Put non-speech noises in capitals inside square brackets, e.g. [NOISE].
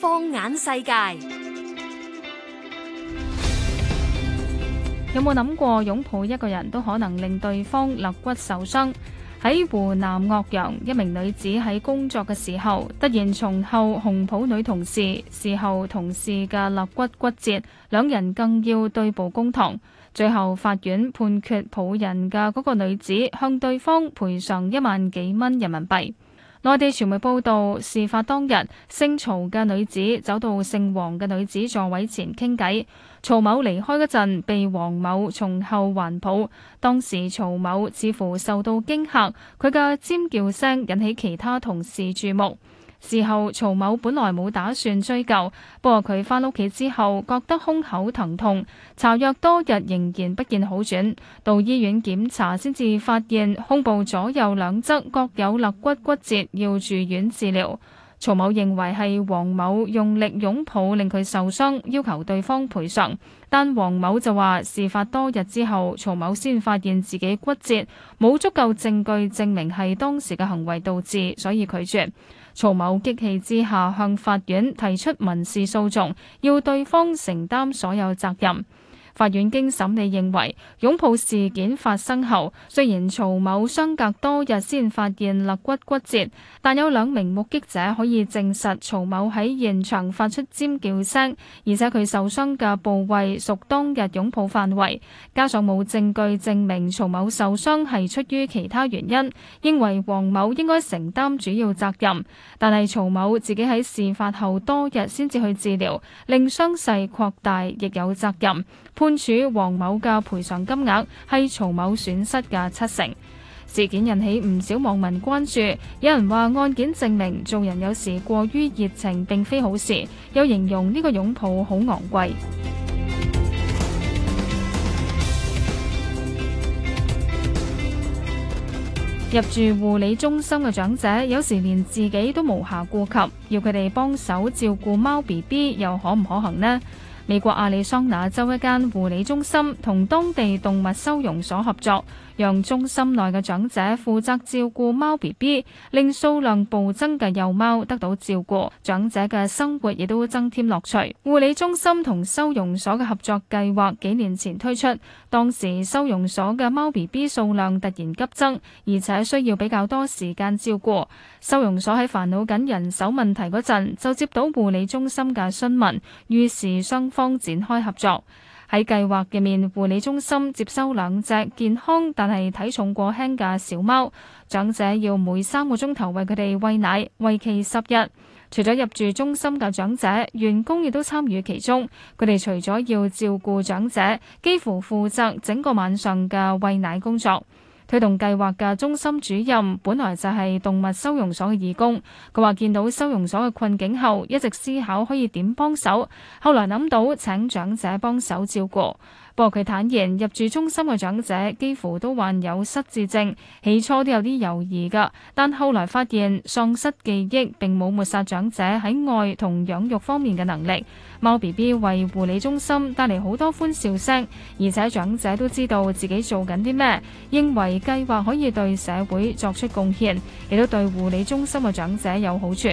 放眼世界，有冇諗過擁抱一個人都可能令對方肋骨受傷？喺湖南岳陽，一名女子喺工作嘅時候突然從後擁抱女同事，事後同事嘅肋骨骨折，兩人更要對簿公堂。最後法院判決抱人嘅嗰個女子向對方賠償一萬幾蚊人民幣。.內地傳媒報道，事發當日，姓曹嘅女子走到姓黃嘅女子座位前傾偈，曹某離開嗰陣被黃某從後環抱，當時曹某似乎受到驚嚇，佢嘅尖叫聲引起其他同事注目。事後，曹某本來冇打算追究，不過佢返屋企之後，覺得胸口疼痛，搽藥多日仍然不見好轉，到醫院檢查先至發現胸部左右兩側各有肋骨骨折，要住院治療。曹某認為係黃某用力擁抱令佢受傷，要求對方賠償。但黃某就話，事發多日之後，曹某先發現自己骨折，冇足夠證據證明係當時嘅行為導致，所以拒絕。曹某激氣之下向法院提出民事訴訟，要對方承擔所有責任。法院經審理認為，擁抱事件發生後，雖然曹某相隔多日先發現肋骨骨折，但有兩名目擊者可以證實曹某喺現場發出尖叫聲，而且佢受傷嘅部位屬當日擁抱範圍，加上冇證據證明曹某受傷係出於其他原因，認為黃某應該承擔主要責任。但係曹某自己喺事發後多日先至去治療，令傷勢擴大，亦有責任。判處黃某嘅賠償金額係曹某損失嘅七成。事件引起唔少網民關注，有人話案件證明做人有時過於熱情並非好事，又形容呢個擁抱好昂貴。 [MUSIC] 入住護理中心嘅長者有時連自己都無暇顧及，要佢哋幫手照顧貓 B B，又可唔可行呢？美國亞利桑那州一間護理中心同當地動物收容所合作，讓中心內嘅長者負責照顧貓 B B，令數量暴增嘅幼貓得到照顧，長者嘅生活亦都增添樂趣。護理中心同收容所嘅合作計劃幾年前推出，當時收容所嘅貓方展開合作。喺計劃入面，護理中心接收兩隻健康但係體重過輕嘅小貓，長者要每三個鐘頭為佢哋喂奶，為期十日。除咗入住中心嘅長者，員工亦都參與其中，佢哋除咗要照顧長者，幾乎負責整個晚上嘅喂奶工作。推動計劃嘅中心主任本來就係動物收容所嘅義工，佢話見到收容所嘅困境後，一直思考可以點幫手。後來諗到請長者幫手照顧。不過佢坦言，入住中心嘅長者幾乎都患有失智症，起初都有啲猶豫㗎，但後來發現喪失記憶並冇抹殺長者喺愛同養育方面嘅能力。貓 BB 為護理中心帶嚟好多歡笑聲，而且長者都知道自己做緊啲咩，因為，計劃可以對社會作出貢獻，亦都對護理中心嘅長者有好處。